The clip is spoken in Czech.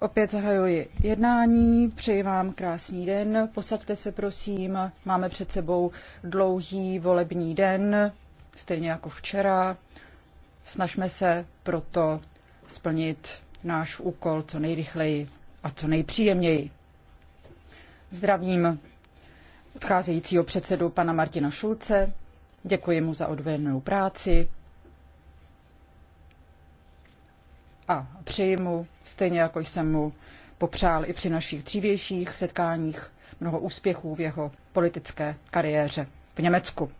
Opět zahajuji jednání, přeji vám krásný den, posaďte se prosím, máme před sebou dlouhý volební den, stejně jako včera. Snažme se proto splnit náš úkol co nejrychleji a co nejpříjemněji. Zdravím odcházejícího předsedu pana Martina Šulce, děkuji mu za odvedenou práci a přeji mu, stejně jako jsem mu popřál i při našich dřívějších setkáních, mnoho úspěchů v jeho politické kariéře v Německu.